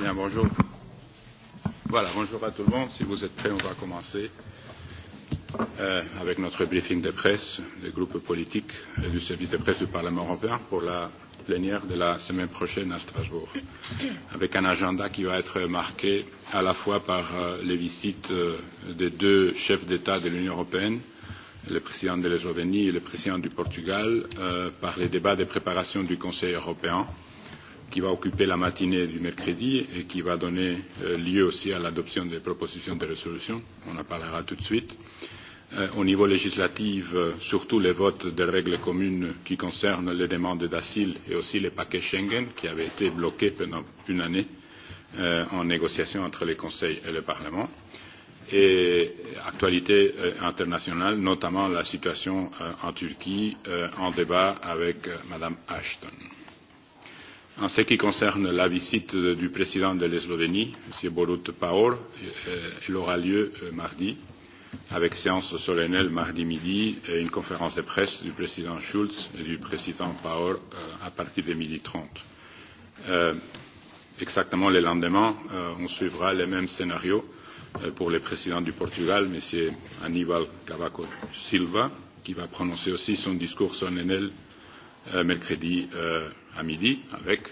Bien, bonjour. Voilà, bonjour à tout le monde. Si vous êtes prêts, on va commencer euh, avec notre briefing de presse des groupes politiques et du service de presse du Parlement européen pour la plénière de la semaine prochaine à Strasbourg, avec un agenda qui va être marqué à la fois par euh, les visites euh, des deux chefs d'État de l'Union européenne, le président de l'Eslovénie et le président du Portugal, euh, par les débats de préparation du Conseil européen, euh, qui va occuper la matinée du mercredi et qui va donner euh, lieu aussi à l'adoption des propositions de résolution. On en parlera tout de suite. Euh, au niveau législatif, euh, surtout les votes des règles communes qui concernent les demandes d'asile et aussi les paquets Schengen qui avaient été bloqués pendant une année euh, en négociation entre les conseils et le Parlement. Et actualité euh, internationale, notamment la situation euh, en Turquie, euh, en débat avec euh, Mme Ashton. Euh, En ce qui concerne la visite du président de l'Eslovénie, M. Borut Paor, euh, elle aura lieu euh, mardi, avec séance solennelle mardi midi et une conférence de presse du président Schulz et du président Paor euh, à partir de midi trente. Exactement le lendemain, on suivra le même scénario pour le président du Portugal, M. Aníbal Cavaco Silva, qui va prononcer aussi son discours solennel mercredi à midi avec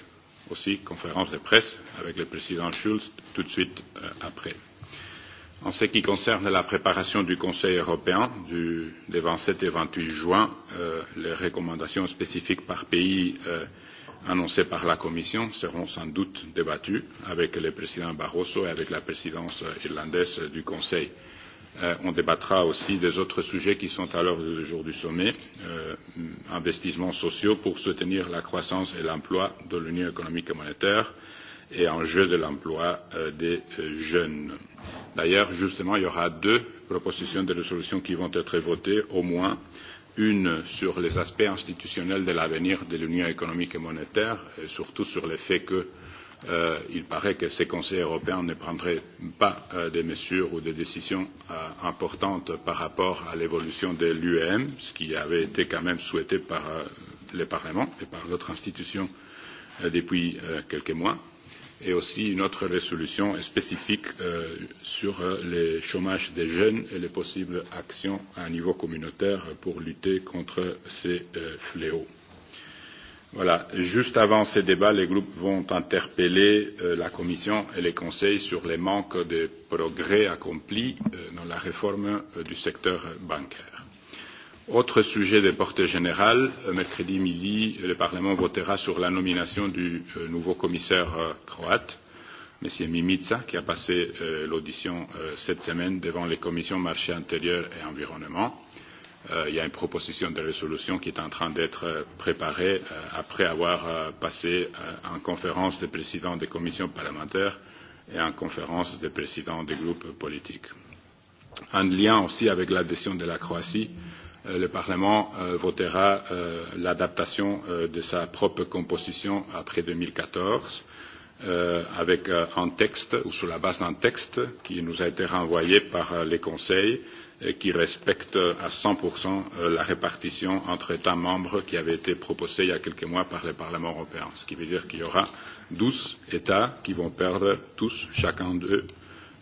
aussi conférence de presse avec le président Schulz tout de suite euh, après. En ce qui concerne la préparation du Conseil européen du, des 27 et 28 juin, euh, les recommandations spécifiques par pays euh, annoncées par la Commission seront sans doute débattues avec le président Barroso et avec la présidence irlandaise du Conseil. Euh, Euh, on débattra aussi des autres sujets qui sont à l'ordre du jour du sommet, euh, investissements sociaux pour soutenir la croissance et l'emploi de l'Union économique et monétaire et enjeux de l'emploi euh, des euh, jeunes. D'ailleurs, justement, il y aura deux propositions de résolution qui vont être votées, au moins une sur les aspects institutionnels de l'avenir de l'Union économique et monétaire, et surtout sur le fait que euh, euh, il paraît que ces conseils européens ne prendraient pas euh, des mesures ou des décisions euh, importantes par rapport à l'évolution de l'UEM, ce qui avait été quand même souhaité par euh, le Parlement et par d'autres institutions euh, depuis euh, quelques mois, et aussi une autre résolution spécifique euh, sur euh, le chômage des jeunes et les possibles actions à un niveau communautaire pour lutter contre ces euh, fléaux Voilà. Juste avant ces débats, les groupes vont interpeller euh, la Commission et les conseils sur les manques de progrès accomplis euh, dans la réforme euh, du secteur bancaire. Autre sujet de portée générale, euh, mercredi midi, le Parlement votera sur la nomination du euh, nouveau commissaire euh, croate, M. Mimica, qui a passé euh, l'audition euh, cette semaine devant les commissions marché intérieur et environnement euh, il y a une proposition de résolution qui est en train d'être euh, préparée euh, après avoir euh, passé euh, en conférence des présidents des commissions parlementaires et en conférence des présidents des groupes politiques. En lien aussi avec l'adhésion de la Croatie, euh, le Parlement euh, votera euh, l'adaptation euh, de sa propre composition après 2014 euh, avec euh, un texte ou sur la base d'un texte qui nous a été renvoyé par euh, les conseils euh, qui respecte à 100% euh, la répartition entre États membres qui avait été proposée il y a quelques mois par le Parlement européen. Ce qui veut dire qu'il y aura 12 États qui vont perdre tous, chacun d'eux,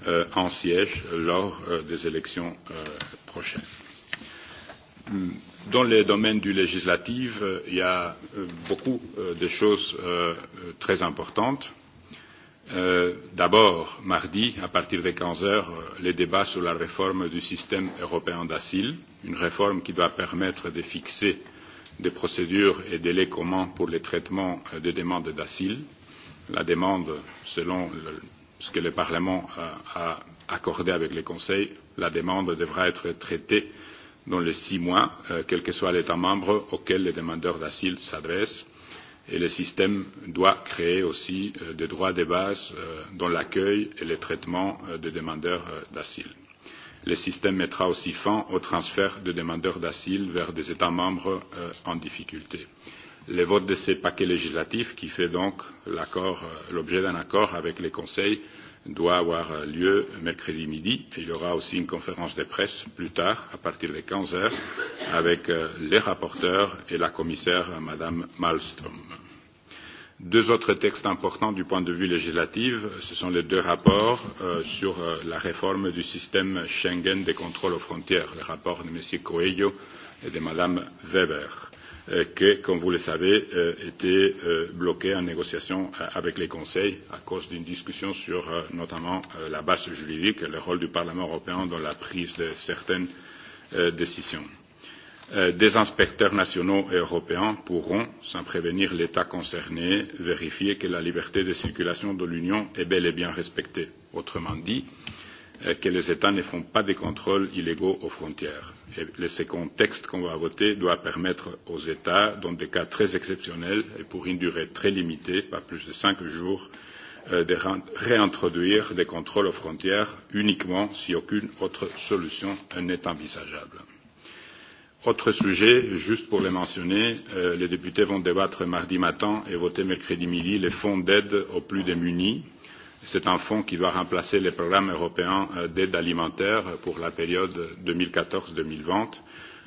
un euh, siège lors euh, des élections prochaines. Dans le domaine du législatif, il y a beaucoup de choses très importantes Euh, D'abord, mardi, à partir de 15 heures, euh, les débats sur la réforme du système européen d'asile, une réforme qui doit permettre de fixer des procédures et délais communs pour le traitement euh, des demandes d'asile. La demande, selon le, ce que le Parlement a, a accordé avec le Conseil, la demande devra être traitée dans les six mois, euh, quel que soit l'État membre auquel les demandeurs d'asile s'adressent et le système doit créer aussi euh, des droits de base euh, dans l'accueil et le traitement euh, des demandeurs euh, d'asile. Le système mettra aussi fin au transfert de demandeurs d'asile vers des États membres euh, en difficulté. Le vote de ces paquets législatifs, qui fait donc euh, l'objet d'un accord avec les conseils, euh, doit avoir lieu mercredi midi et il y aura aussi une conférence de presse plus tard à partir de 15 heures avec euh, les rapporteurs et la commissaire madame Malmström. Deux autres textes importants du point de vue législatif, ce sont les deux rapports euh, sur euh, la réforme du système Schengen des contrôles aux frontières, le rapport de M. Coelho et de Mme Weber. Euh, qui, comme vous le savez, euh, était euh, bloqué en négociation avec les conseils à cause d'une discussion sur notamment la base juridique et le rôle du Parlement européen dans la prise de certaines décisions. Des inspecteurs nationaux et européens pourront, sans prévenir l'État concerné, vérifier que la liberté de circulation de l'Union est bel et bien respectée. Autrement dit, euh, Euh, que les États ne font pas de contrôles illégaux aux frontières. Et le second texte qu'on va voter doit permettre aux États, dans des cas très exceptionnels et pour une durée très limitée, pas plus de cinq jours, euh, de réintroduire des contrôles aux frontières uniquement si aucune autre solution n'est envisageable. Autre sujet, juste pour le mentionner, euh, les députés vont débattre mardi matin et voter mercredi midi les fonds d'aide aux plus démunis C'est un fonds qui va remplacer les programmes européens euh, d'aide alimentaire pour la période 2014-2020.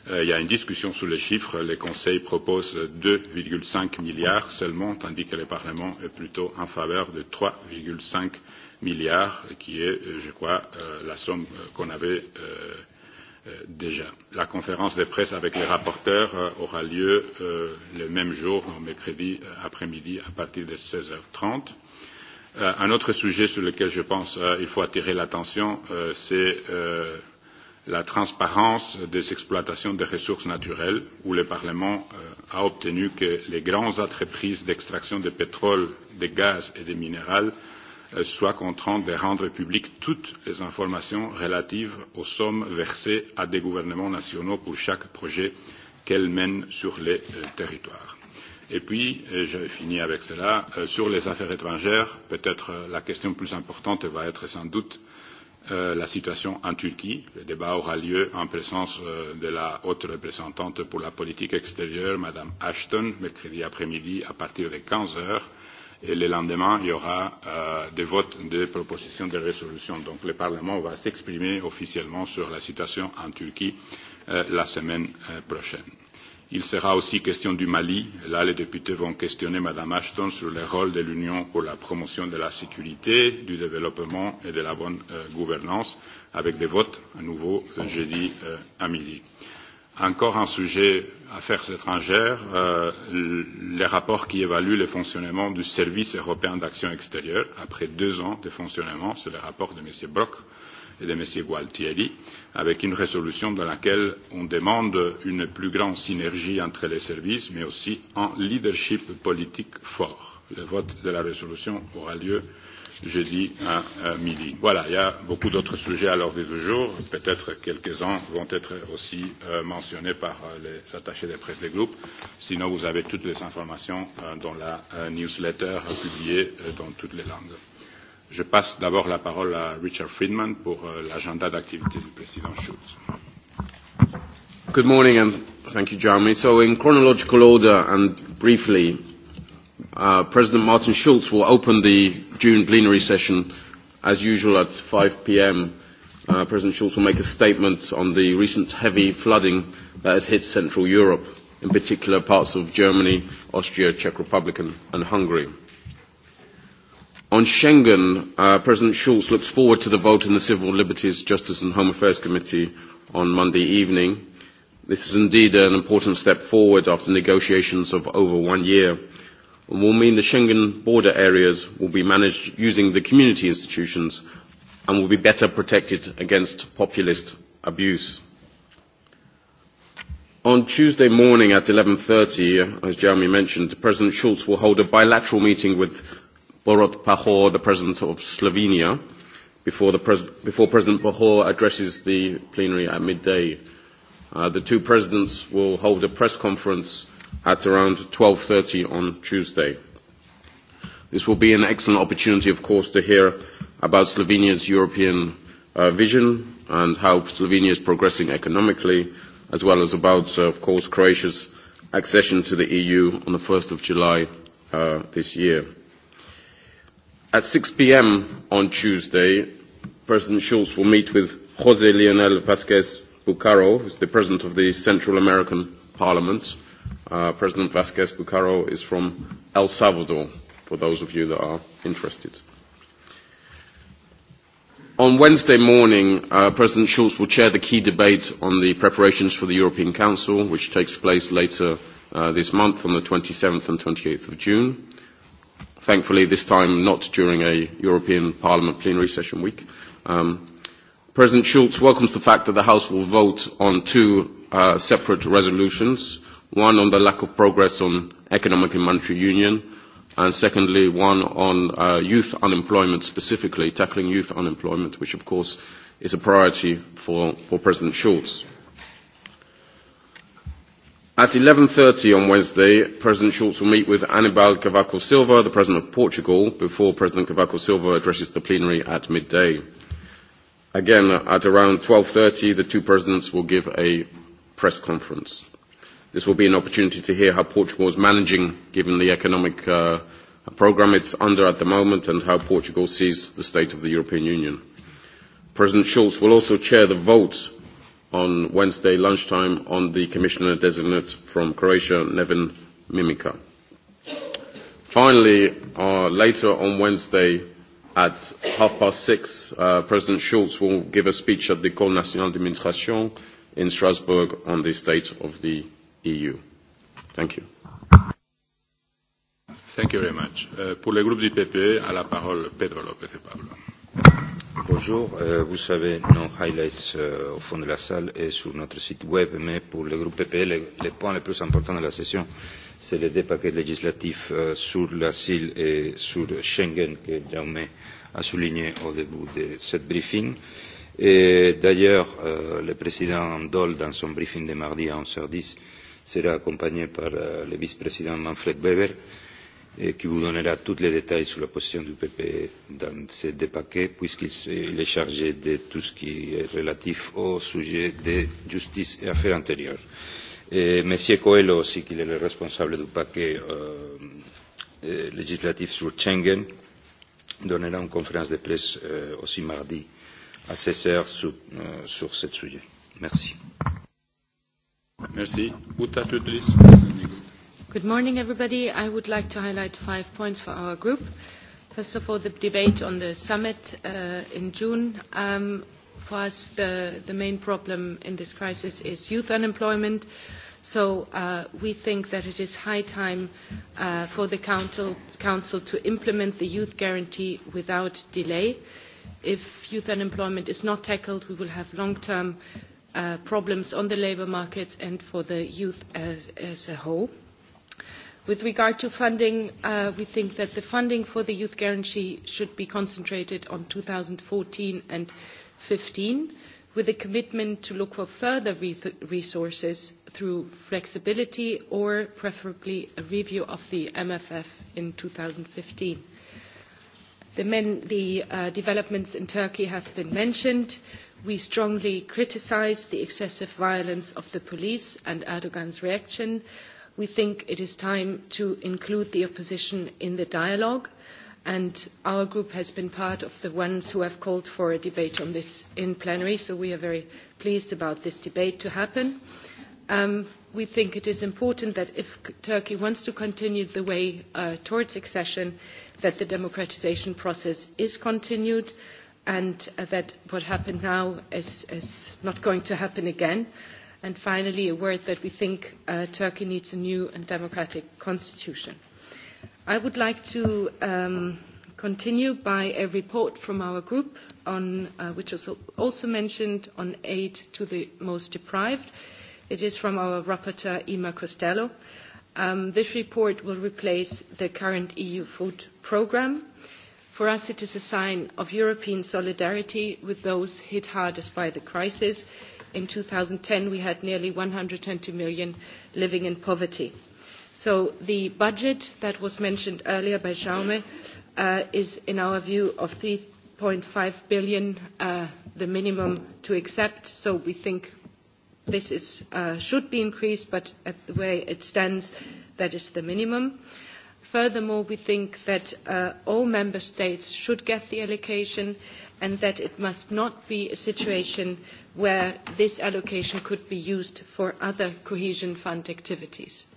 Euh, il y a une discussion sur les chiffres. Le Conseil propose 2,5 milliards seulement, tandis que le Parlement est plutôt en faveur de 3,5 milliards, qui est, euh, je crois, la somme qu'on avait déjà. La conférence de presse avec les rapporteurs aura lieu le même jour, mercredi après-midi, à partir de 16h30. Euh, un autre sujet sur lequel je pense qu'il euh, faut attirer l'attention, euh, c'est euh, la transparence des exploitations des ressources naturelles, où le Parlement euh, a obtenu que les grandes entreprises d'extraction de pétrole, de gaz et de minéraux euh, soient contraintes de rendre publiques toutes les informations relatives aux sommes versées à des gouvernements nationaux pour chaque projet qu'elles mènent sur les euh, territoires. Et puis, euh, je finis avec cela, euh, sur les affaires étrangères, peut-être euh, la question plus importante va être sans doute euh, la situation en Turquie. Le débat aura lieu en présence euh, de la haute représentante pour la politique extérieure, Madame Ashton, mercredi après-midi à partir de 15 heures. Et le lendemain, il y aura euh, des votes de propositions de résolution. Donc le Parlement va s'exprimer officiellement sur la situation en Turquie euh, la semaine euh, prochaine. Il sera aussi question du Mali. Là, les députés vont questionner Mme Ashton sur le rôle de l'Union pour la promotion de la sécurité, du développement et de la bonne euh, gouvernance, avec des votes à nouveau euh, jeudi euh, à midi. Euh, encore un sujet affaires étrangères euh, les rapports qui évaluent le fonctionnement du service européen d'action extérieure après deux ans de fonctionnement c'est le rapport de M. Brock et de M. Gualtieri avec une résolution dans laquelle on demande une plus grande synergie entre les services mais aussi un leadership politique fort. Le vote de la résolution aura lieu jeudi à, à midi. Voilà, il y a beaucoup d'autres sujets à l'ordre du jour. Peut-être quelques-uns vont être aussi euh, mentionnés par euh, les attachés des presse des groupes. Sinon, vous avez toutes les informations euh, dans la euh, newsletter euh, publiée euh, dans toutes les langues. Je passe d'abord la parole à Richard Friedman pour euh, l'agenda d'activité du président Schulz. Good morning and thank you, Jeremy. So in chronological order and briefly, Uh, President Martin Schulz will open the June plenary session as usual at 5 p.m. Uh, President Schulz will make a statement on the recent heavy flooding that has hit Central Europe, in particular parts of Germany, Austria, Czech Republic, and, and Hungary. On Schengen, uh, President Schulz looks forward to the vote in the Civil Liberties, Justice and Home Affairs Committee on Monday evening. This is indeed an important step forward after negotiations of over one year will mean the Schengen border areas will be managed using the community institutions and will be better protected against populist abuse. On Tuesday morning at 11.30, as Jeremy mentioned, President Schulz will hold a bilateral meeting with Borut Pahor, the President of Slovenia, before, the pres- before President Pahor addresses the plenary at midday. Uh, the two presidents will hold a press conference at around 12.30 on Tuesday. This will be an excellent opportunity, of course, to hear about Slovenia's European uh, vision and how Slovenia is progressing economically, as well as about, uh, of course, Croatia's accession to the EU on the 1st of July uh, this year. At 6 p.m. on Tuesday, President Schulz will meet with José Leonel Vázquez Bucaro, who is the President of the Central American Parliament, uh, Uh, President Vasquez Bucaro is from El Salvador, for those of you that are interested. On Wednesday morning, uh, President Schulz will chair the key debate on the preparations for the European Council, which takes place later uh, this month on the 27th and 28th of June. Thankfully, this time not during a European Parliament plenary session week. Um, President Schulz welcomes the fact that the House will vote on two uh, separate resolutions one on the lack of progress on economic and monetary union, and secondly, one on uh, youth unemployment specifically, tackling youth unemployment, which of course is a priority for, for President Schulz. At 11.30 on Wednesday, President Schultz will meet with Anibal Cavaco Silva, the President of Portugal, before President Cavaco Silva addresses the plenary at midday. Again, at around 12.30, the two presidents will give a press conference. This will be an opportunity to hear how Portugal is managing, given the economic uh, programme it's under at the moment, and how Portugal sees the state of the European Union. President Schulz will also chair the vote on Wednesday lunchtime on the Commissioner designate from Croatia, Nevin Mimica. Finally, uh, later on Wednesday at half past six, uh, President Schulz will give a speech at the École Nationale d'Administration in Strasbourg on the state of the EU. Thank you. Thank you very much. Euh, pour le groupe du PPE, à la parole Pedro López de Pablo. Bonjour, euh, vous savez, nos highlights euh, au fond de la salle et sur notre site web, mais pour le groupe PPE, les, les points les plus importants de la session, c'est les deux paquets législatifs euh, sur l'asile et sur Schengen que Jaume a souligné au début de ce briefing. Et d'ailleurs, euh, le président Doll, dans son briefing de mardi à 11h10, sera accompagné par eh, le vice-président Manfred Weber, qui vous donnera tous les détails sur la position du PPE dans ces deux paquets, puisqu'il est chargé de tout ce qui est relatif au sujet de justice et affaires intérieures. Et eh, M. Coelho aussi, qu'il est le responsable du paquet euh, eh, législatif sur Schengen, donnera une conférence de presse euh, aussi mardi à 16h sur, euh, sur ce sujet. Merci. Merci. Uta Tutlis. Good morning, everybody. I would like to highlight five points for our group. First of all, the debate on the summit uh, in June. Um, for us, the, the main problem in this crisis is youth unemployment. So uh, we think that it is high time uh, for the council, council to implement the youth guarantee without delay. If youth unemployment is not tackled, we will have long-term uh, problems on the labour market and for the youth as, as a whole. With regard to funding, uh, we think that the funding for the youth guarantee should be concentrated on 2014 and 15, with a commitment to look for further re resources through flexibility or preferably a review of the MFF in 2015. The, men, the uh, developments in Turkey have been mentioned. Uh, We strongly criticized the excessive violence of the police and Erdogan's reaction. We think it is time to include the opposition in the dialogue, and our group has been part of the ones who have called for a debate on this in plenary, so we are very pleased about this debate to happen. Um, we think it is important that if Turkey wants to continue the way uh, towards accession, that the democratization process is continued and uh, that what happened now is, is not going to happen again. And finally, a word that we think uh, Turkey needs a new and democratic constitution. I would like to um, continue by a report from our group, on, uh, which was also mentioned, on aid to the most deprived. It is from our rapporteur, Ima Costello. Um, this report will replace the current EU food programme. Uh, For us, it is a sign of European solidarity with those hit hardest by the crisis. In 2010, we had nearly 120 million living in poverty. So the budget that was mentioned earlier by Jaume uh, is, in our view, of 3.5 billion, uh, the minimum to accept. So we think this is, uh, should be increased, but at the way it stands, that is the minimum. Uh, Furthermore, we think that uh, all member states should get the allocation and that it must not be a situation where this allocation could be used for other cohesion fund activities.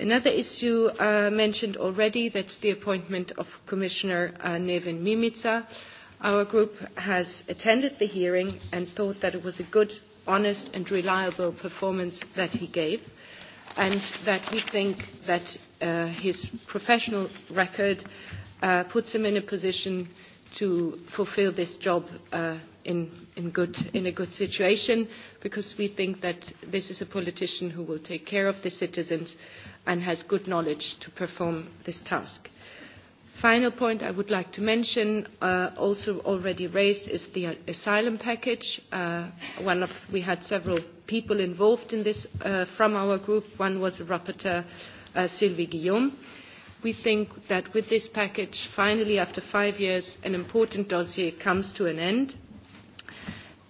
Another issue uh, mentioned already, that's the appointment of Commissioner uh, Neven Mimica. Our group has attended the hearing and thought that it was a good, honest and reliable performance that he gave and that we think that uh, his professional record uh, puts him in a position to fulfill this job uh, in, in, good, in a good situation because we think that this is a politician who will take care of the citizens and has good knowledge to perform this task. Final point I would like to mention, uh, also already raised, is the asylum package. Uh, one of, we had several people involved in this uh, from our group. One was a rapporteur, uh, Sylvie Guillaume. We think that with this package, finally, after five years, an important dossier comes to an end.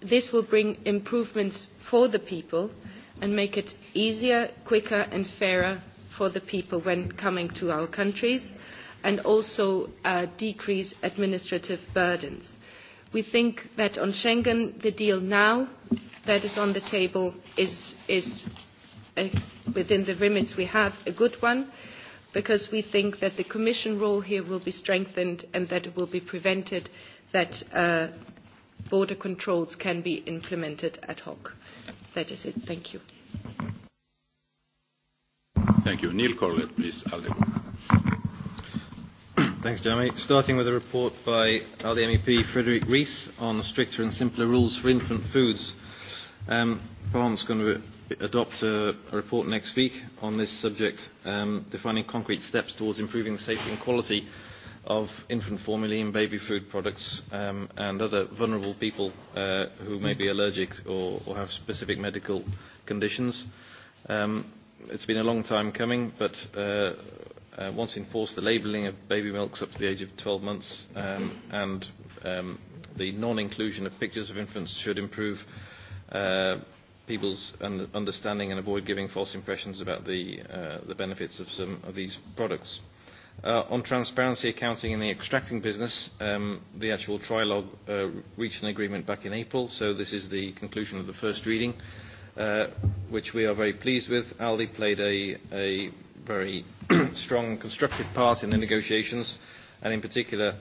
This will bring improvements for the people and make it easier, quicker, and fairer for the people when coming to our countries. Uh, and also uh, decrease administrative burdens. We think that on Schengen, the deal now that is on the table is, is a, within the limits we have, a good one, because we think that the Commission role here will be strengthened and that it will be prevented that uh, border controls can be implemented ad hoc. That is it. Thank you. Thank you. Neil Corlett, please. I'll Thanks, Jeremy. Starting with a report by ALDE MEP Frederick Rees on stricter and simpler rules for infant foods. Um, Parliament's going to adopt a, a report next week on this subject, um, defining concrete steps towards improving the safety and quality of infant formula and baby food products um, and other vulnerable people uh, who may be allergic or, or have specific medical conditions. Um, it's been a long time coming, but uh, uh, once enforced, the labelling of baby milks up to the age of 12 months um, and um, the non-inclusion of pictures of infants should improve uh, people's un understanding and avoid giving false impressions about the, uh, the benefits of some of these products. Uh, on transparency accounting in the extracting business, um, the actual trilogue uh, reached an agreement back in April, so this is the conclusion of the first reading, uh, which we are very pleased with. ALDI played a, a very strong and constructive part in the negotiations, and in particular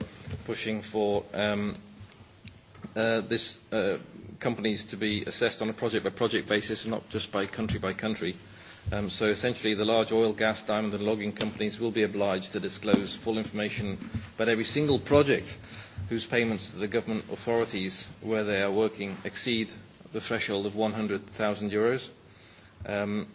pushing for um, uh, this uh, companies to be assessed on a project-by-project -project basis and not just by country-by-country. -country. Um, so essentially the large oil, gas, diamond and logging companies will be obliged to disclose full information about every single project whose payments to the government authorities where they are working exceed the threshold of 100,000 euros. Um,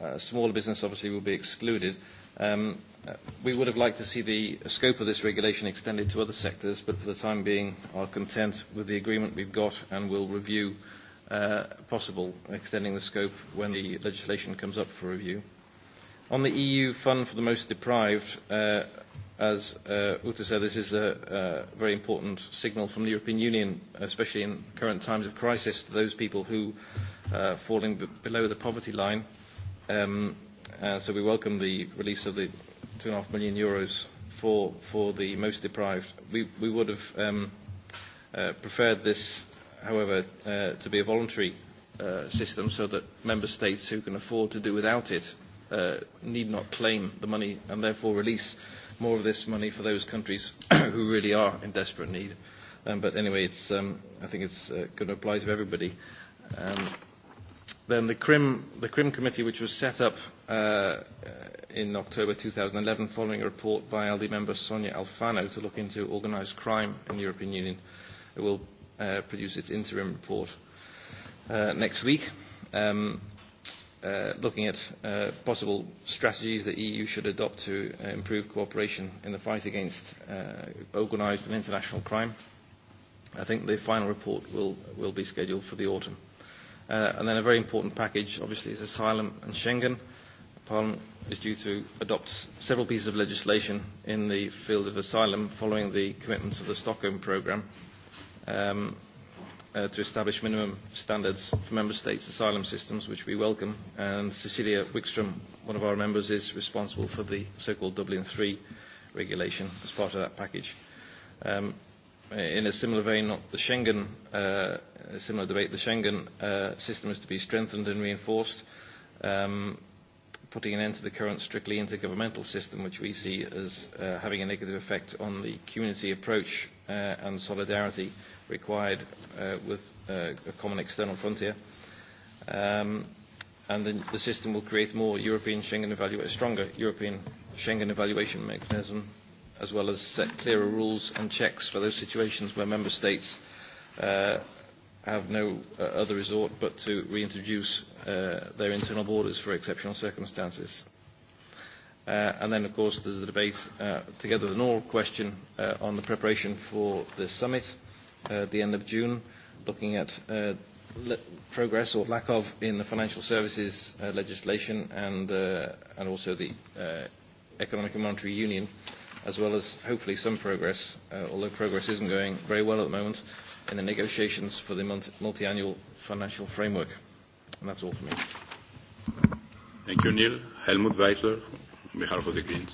uh, smaller business obviously will be excluded. Um, uh, we would have liked to see the scope of this regulation extended to other sectors, but for the time being are content with the agreement we've got and will review uh, possible extending the scope when the legislation comes up for review. On the EU fund for the most deprived, uh, as uh, Uta said, this is a, a very important signal from the European Union, especially in current times of crisis, to those people who are uh, falling b below the poverty line. Uh, Um, uh, so we welcome the release of the two and a half million euros for for the most deprived. We we would have um, uh, preferred this, however, uh, to be a voluntary uh, system so that member states who can afford to do without it uh, need not claim the money and therefore release more of this money for those countries who really are in desperate need. Um, but anyway, it's, um, I think it's uh, going to apply to everybody. Um, Then the Crim, the Crim Committee, which was set up uh, uh in October 2011 following a report by ALDE member Sonia Alfano to look into organised crime in the European Union, it will uh, produce its interim report uh, next week, um, uh, looking at uh, possible strategies the EU should adopt to uh, improve cooperation in the fight against uh, organised and international crime. I think the final report will, will be scheduled for the autumn. Uh, and then a very important package, obviously, is asylum and Schengen. Parliament is due to adopt several pieces of legislation in the field of asylum following the commitments of the Stockholm programme um, uh, to establish minimum standards for member states' asylum systems, which we welcome. And Cecilia Wickstrom, one of our members, is responsible for the so-called Dublin III regulation as part of that package. Um, Uh, in a similar vein, the Schengen, uh, a similar debate, the Schengen uh, system is to be strengthened and reinforced, um, putting an end to the current strictly intergovernmental system, which we see as uh, having a negative effect on the community approach uh, and solidarity required uh, with uh, a common external frontier. Um, and the, the system will create more European Schengen evaluation, a stronger European Schengen evaluation mechanism as well as set clearer rules and checks for those situations where member states uh, have no uh, other resort but to reintroduce uh, their internal borders for exceptional circumstances. Uh, and then, of course, there's the debate, uh, together with an oral question, uh, on the preparation for the summit uh, at the end of June, looking at uh, le- progress or lack of in the financial services uh, legislation and, uh, and also the uh, economic and monetary union. Uh, as well as hopefully some progress, uh, although progress isn't going very well at the moment, in the negotiations for the multi-annual financial framework. And that's all for me. Thank you, Neil. Helmut Weisler, on behalf of the Greens.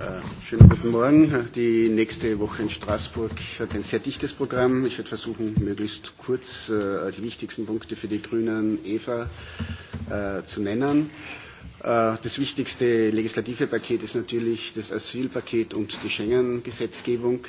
Äh, schönen guten Morgen. Die nächste Woche in Straßburg hat ein sehr dichtes Programm. Ich werde versuchen, möglichst kurz äh, die wichtigsten Punkte für die Grünen Eva äh, zu nennen. Äh, Äh, das wichtigste legislative Paket ist natürlich das Asylpaket und die Schengen-Gesetzgebung.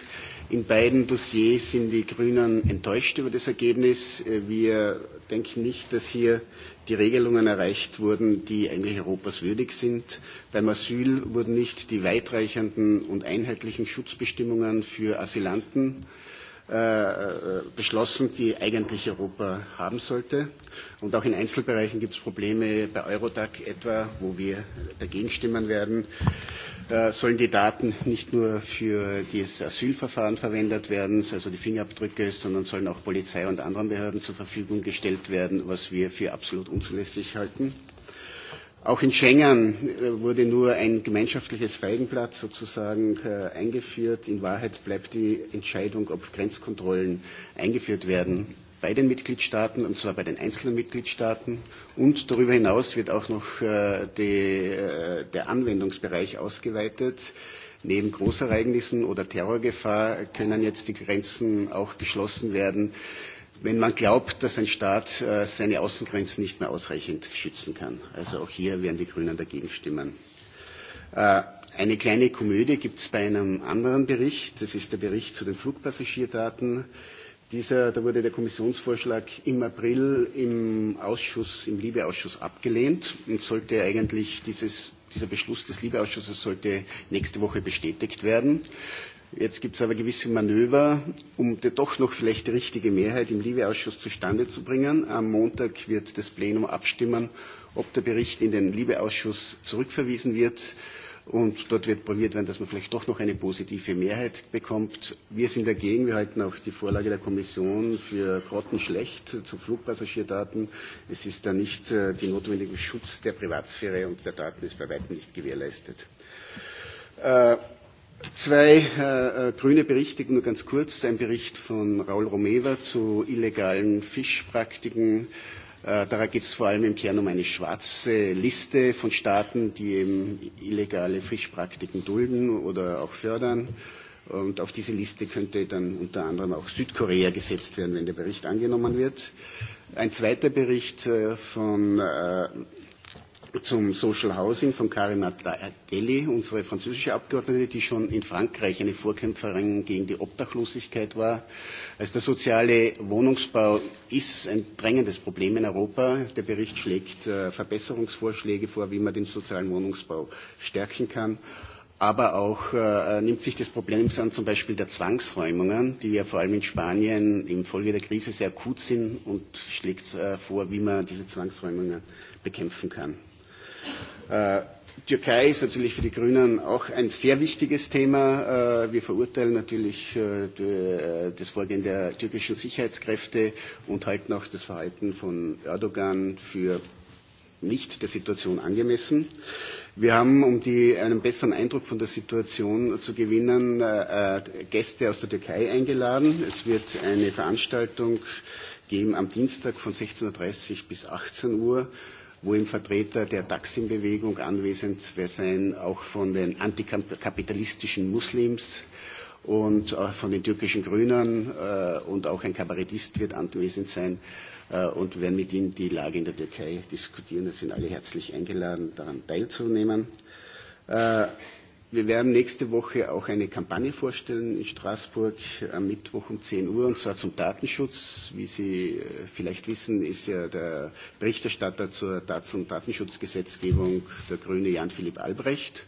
In beiden Dossiers sind die Grünen enttäuscht über das Ergebnis. Äh, wir denken nicht, dass hier die Regelungen erreicht wurden, die eigentlich Europas würdig sind. Beim Asyl wurden nicht die weitreichenden und einheitlichen Schutzbestimmungen für Asylanten äh, Äh, äh, beschlossen, die eigentlich Europa haben sollte. Und auch in Einzelbereichen gibt es Probleme, bei Eurodac etwa, wo wir dagegen stimmen werden. Äh, sollen die Daten nicht nur für das Asylverfahren verwendet werden, also die Fingerabdrücke, sondern sollen auch Polizei und anderen Behörden zur Verfügung gestellt werden, was wir für absolut unzulässig halten. Äh, Auch in Schengen äh, wurde nur ein gemeinschaftliches Feigenblatt sozusagen äh, eingeführt. In Wahrheit bleibt die Entscheidung, ob Grenzkontrollen eingeführt werden, bei den Mitgliedstaaten, und zwar bei den einzelnen Mitgliedstaaten. Und darüber hinaus wird auch noch äh, die, der Anwendungsbereich ausgeweitet. Neben Großereignissen oder Terrorgefahr können jetzt die Grenzen auch geschlossen werden, äh, wenn man glaubt, dass ein Staat äh, seine Außengrenzen nicht mehr ausreichend schützen kann. Also auch hier werden die Grünen dagegen stimmen. Äh, eine kleine Komödie gibt es bei einem anderen Bericht. Das ist der Bericht zu den Flugpassagierdaten. Dieser, da wurde der Kommissionsvorschlag im April im Ausschuss, im Liebeausschuss abgelehnt und sollte eigentlich dieses, dieser Beschluss des Liebeausschusses sollte nächste Woche bestätigt werden. Jetzt gibt es aber gewisse Manöver, um doch noch vielleicht die richtige Mehrheit im Libe-Ausschuss zustande zu bringen. Am Montag wird das Plenum abstimmen, ob der Bericht in den Libe-Ausschuss zurückverwiesen wird. Und dort wird probiert werden, dass man vielleicht doch noch eine positive Mehrheit bekommt. Wir sind dagegen. Wir halten auch die Vorlage der Kommission für grottenschlecht zu Flugpassagierdaten. Es ist da nicht äh, der notwendige Schutz der Privatsphäre und der Daten ist bei weitem nicht gewährleistet. Äh, Zwei äh, äh grüne Berichte, nur ganz kurz. Ein Bericht von Raul Romeva zu illegalen Fischpraktiken. Äh, da geht es vor allem im Kern um eine schwarze Liste von Staaten, die eben illegale Fischpraktiken dulden oder auch fördern. Und auf diese Liste könnte dann unter anderem auch Südkorea gesetzt werden, wenn der Bericht angenommen wird. Ein zweiter Bericht äh, von äh, zum Social Housing von Karima Deli, unsere französische Abgeordnete, die schon in Frankreich eine Vorkämpferin gegen die Obdachlosigkeit war. Also der soziale Wohnungsbau ist ein drängendes Problem in Europa. Der Bericht schlägt äh, Verbesserungsvorschläge vor, wie man den sozialen Wohnungsbau stärken kann aber auch äh, nimmt sich des Problems an, zum Beispiel der Zwangsräumungen, die ja vor allem in Spanien infolge der Krise sehr akut sind und schlägt äh, vor, wie man diese Zwangsräumungen bekämpfen kann. Äh, Türkei ist natürlich für die Grünen auch ein sehr wichtiges Thema. Äh, wir verurteilen natürlich äh, die, äh, das Vorgehen der türkischen Sicherheitskräfte und halten auch das Verhalten von Erdogan für nicht der Situation angemessen. Wir haben, um die, einen besseren Eindruck von der Situation zu gewinnen, äh, äh Gäste aus der Türkei eingeladen. Es wird eine Veranstaltung geben am Dienstag von 16.30 Uhr bis 18 Uhr wo ein Vertreter der Taksim-Bewegung anwesend sein, auch von den antikapitalistischen Muslims und auch äh, von den türkischen Grünen äh, und auch ein Kabarettist wird anwesend sein äh, und werden mit ihm die Lage in der Türkei diskutieren. Es sind alle herzlich eingeladen, daran teilzunehmen. Äh, Wir werden nächste Woche auch eine Kampagne vorstellen in Straßburg am Mittwoch um 10 Uhr, und zwar zum Datenschutz. Wie Sie äh, vielleicht wissen, ist ja der Berichterstatter zur Datenschutzgesetzgebung der Grüne Jan-Philipp Albrecht.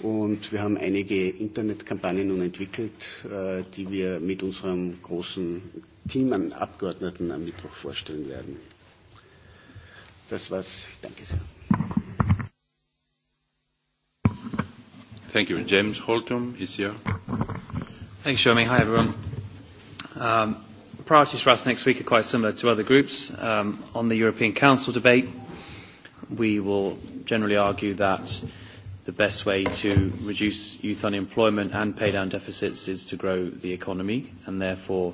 Und wir haben einige Internetkampagnen nun entwickelt, äh, die wir mit unserem großen Team an Abgeordneten am Mittwoch vorstellen werden. Das war's. Danke sehr. Thank you. James Holton is here. Thanks, Jeremy. Hi, everyone. Um, priorities for us next week are quite similar to other groups. Um, on the European Council debate, we will generally argue that the best way to reduce youth unemployment and pay down deficits is to grow the economy, and therefore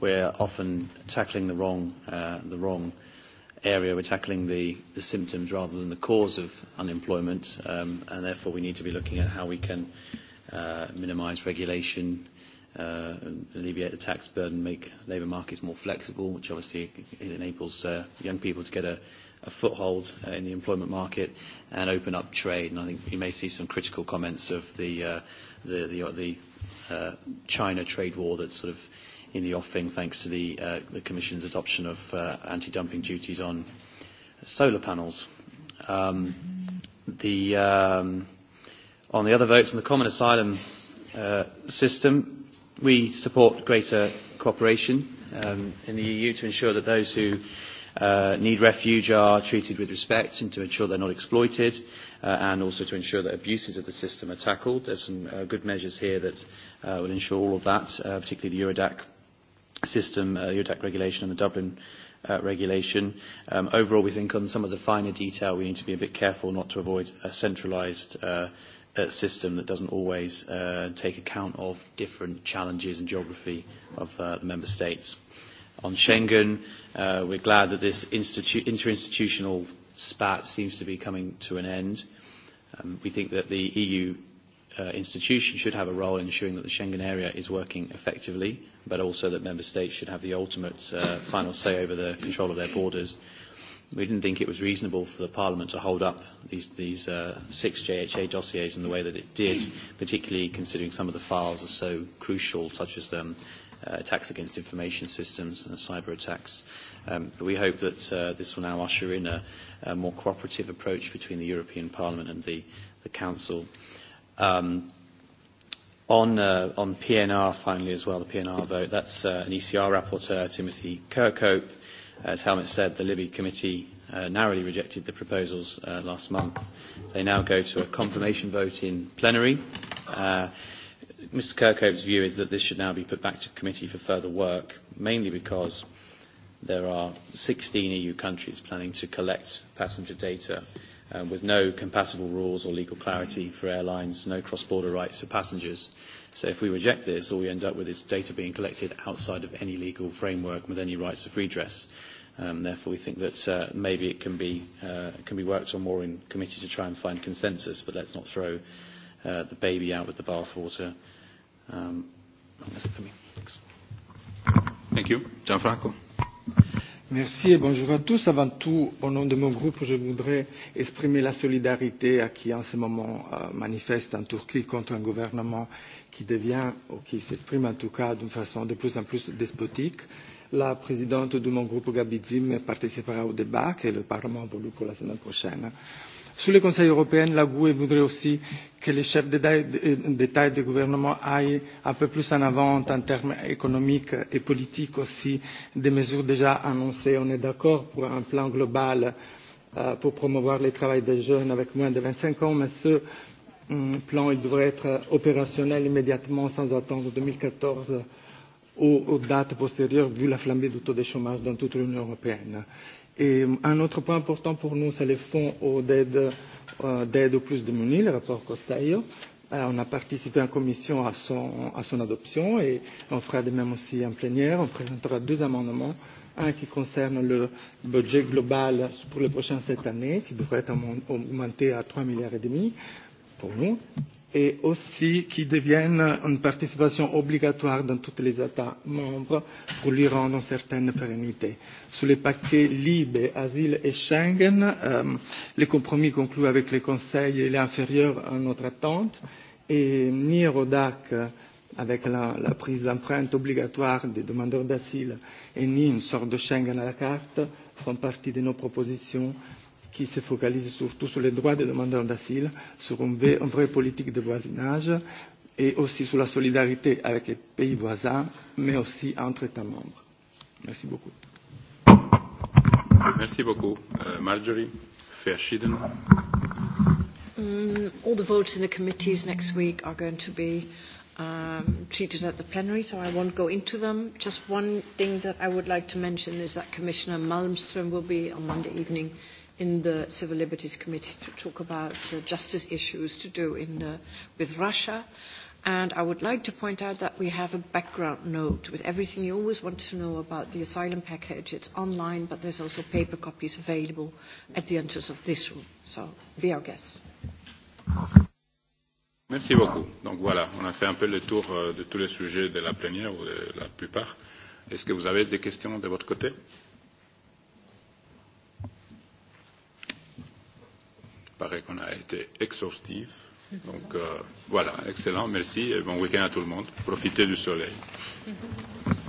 we're often tackling the wrong, uh, the wrong uh, area. We're tackling the, the symptoms rather than the cause of unemployment, um, and therefore we need to be looking at how we can uh, minimise regulation, uh, alleviate the tax burden, make labour markets more flexible, which obviously enables uh, young people to get a, a foothold uh, in the employment market and open up trade. And I think you may see some critical comments of the, uh, the, the, the uh, China trade war that's sort of uh, in the offing thanks to the, uh, the Commission's adoption of uh, anti-dumping duties on solar panels. Um, the, um, on the other votes on the common asylum uh, system, we support greater cooperation um, in the EU to ensure that those who uh, need refuge are treated with respect and to ensure they're not exploited uh, and also to ensure that abuses of the system are tackled. There's some uh, good measures here that uh, will ensure all of that, uh, particularly the Eurodac system, uh, UTAC regulation and the Dublin uh, regulation. Um, overall, we think on some of the finer detail, we need to be a bit careful not to avoid a centralized uh, uh, system that doesn't always uh, take account of different challenges and geography of uh, the member states. On Schengen, uh, we're glad that this institu- interinstitutional spat seems to be coming to an end. Um, we think that the EU uh, institution should have a role in ensuring that the Schengen area is working effectively but also that member states should have the ultimate uh, final say over the control of their borders. We didn't think it was reasonable for the Parliament to hold up these, these uh, six JHA dossiers in the way that it did, particularly considering some of the files are so crucial, such as um, uh, attacks against information systems and cyber attacks. Um, but we hope that uh, this will now usher in a, a more cooperative approach between the European Parliament and the, the Council. Um, On, uh, on PNR, finally, as well, the PNR vote, that's uh, an ECR rapporteur, Timothy Kirkhope. Uh, as Helmut said, the Libby Committee uh, narrowly rejected the proposals uh, last month. They now go to a confirmation vote in plenary. Uh, Mr Kirkhope's view is that this should now be put back to committee for further work, mainly because there are 16 EU countries planning to collect passenger data um, with no compatible rules or legal clarity for airlines, no cross-border rights for passengers. So if we reject this, all we end up with is data being collected outside of any legal framework with any rights of redress. Um, therefore, we think that uh, maybe it can be, uh, can be worked on more in committee to try and find consensus, but let's not throw uh, the baby out with the bathwater. Um, that's it for me. Thanks. Thank you. Gianfranco. Merci et bonjour à tous. Avant tout, au nom de mon groupe, je voudrais exprimer la solidarité à qui en ce moment euh, manifeste en Turquie contre un gouvernement qui devient, ou qui s'exprime en tout cas d'une façon de plus en plus despotique. La présidente de mon groupe, Gabi Zim, participera au débat que le Parlement a voulu pour la semaine prochaine. Euh, Sur le Conseil européen, la GUE voudrait aussi que les chefs d'État et de gouvernement aillent un peu plus en avant en termes économiques et politiques aussi des mesures déjà annoncées. On est d'accord pour un plan global euh, pour promouvoir le travail des jeunes avec moins de 25 ans, mais ce plan il devrait être opérationnel immédiatement sans attendre 2014 aux, aux dates postérieures vu la flambée du taux de chômage dans toute l'Union européenne. Et euh, un autre point important pour nous, c'est les fonds euh, d'aide euh, aux plus démunis, le rapport Costaio. Euh, on a participé en commission à son, à son adoption et on fera de même aussi en plénière. On présentera deux amendements. Un qui concerne le budget global pour les prochaines sept années, qui devrait être augmenté à 3 milliards et demi pour nous, et aussi qui devienne une participation obligatoire dans tous les États membres pour lui rendre une certaine pérennité. Sur les paquets Libe, Asile et Schengen, euh, le compromis conclu avec le Conseil est inférieur à notre attente et ni Eurodac avec la, la prise d'empreinte obligatoire des demandeurs d'asile et ni une sorte de Schengen à la carte font partie de nos propositions euh, qui se focalise surtout sur les droits des demandeurs d'asile, sur une vraie, une vraie politique de voisinage et aussi sur la solidarité avec les pays voisins, mais aussi entre États membres. Merci beaucoup. Merci beaucoup. Uh, Marjorie Verschieden. Um, mm, all the votes in the committees next week are going to be um, treated at the plenary, so I won't go into them. Just one thing that I would like to mention is that Commissioner Malmström will be on Monday evening uh, in the Civil Liberties Committee to talk about uh, justice issues to do in, uh, with Russia. And I would like to point out that we have a background note with everything you always want to know about the asylum package. It's online, but there's also paper copies available at the entrance of this room. So be our guest. Merci beaucoup. Donc voilà, on a fait un peu le tour euh, de tous les sujets de la plénière ou de la plupart. Est-ce que vous avez des questions de votre côté? Euh, paraît qu'on a été exhaustif. Donc euh, voilà, excellent, merci et bon week-end à tout le monde. Profitez du soleil. Mm -hmm.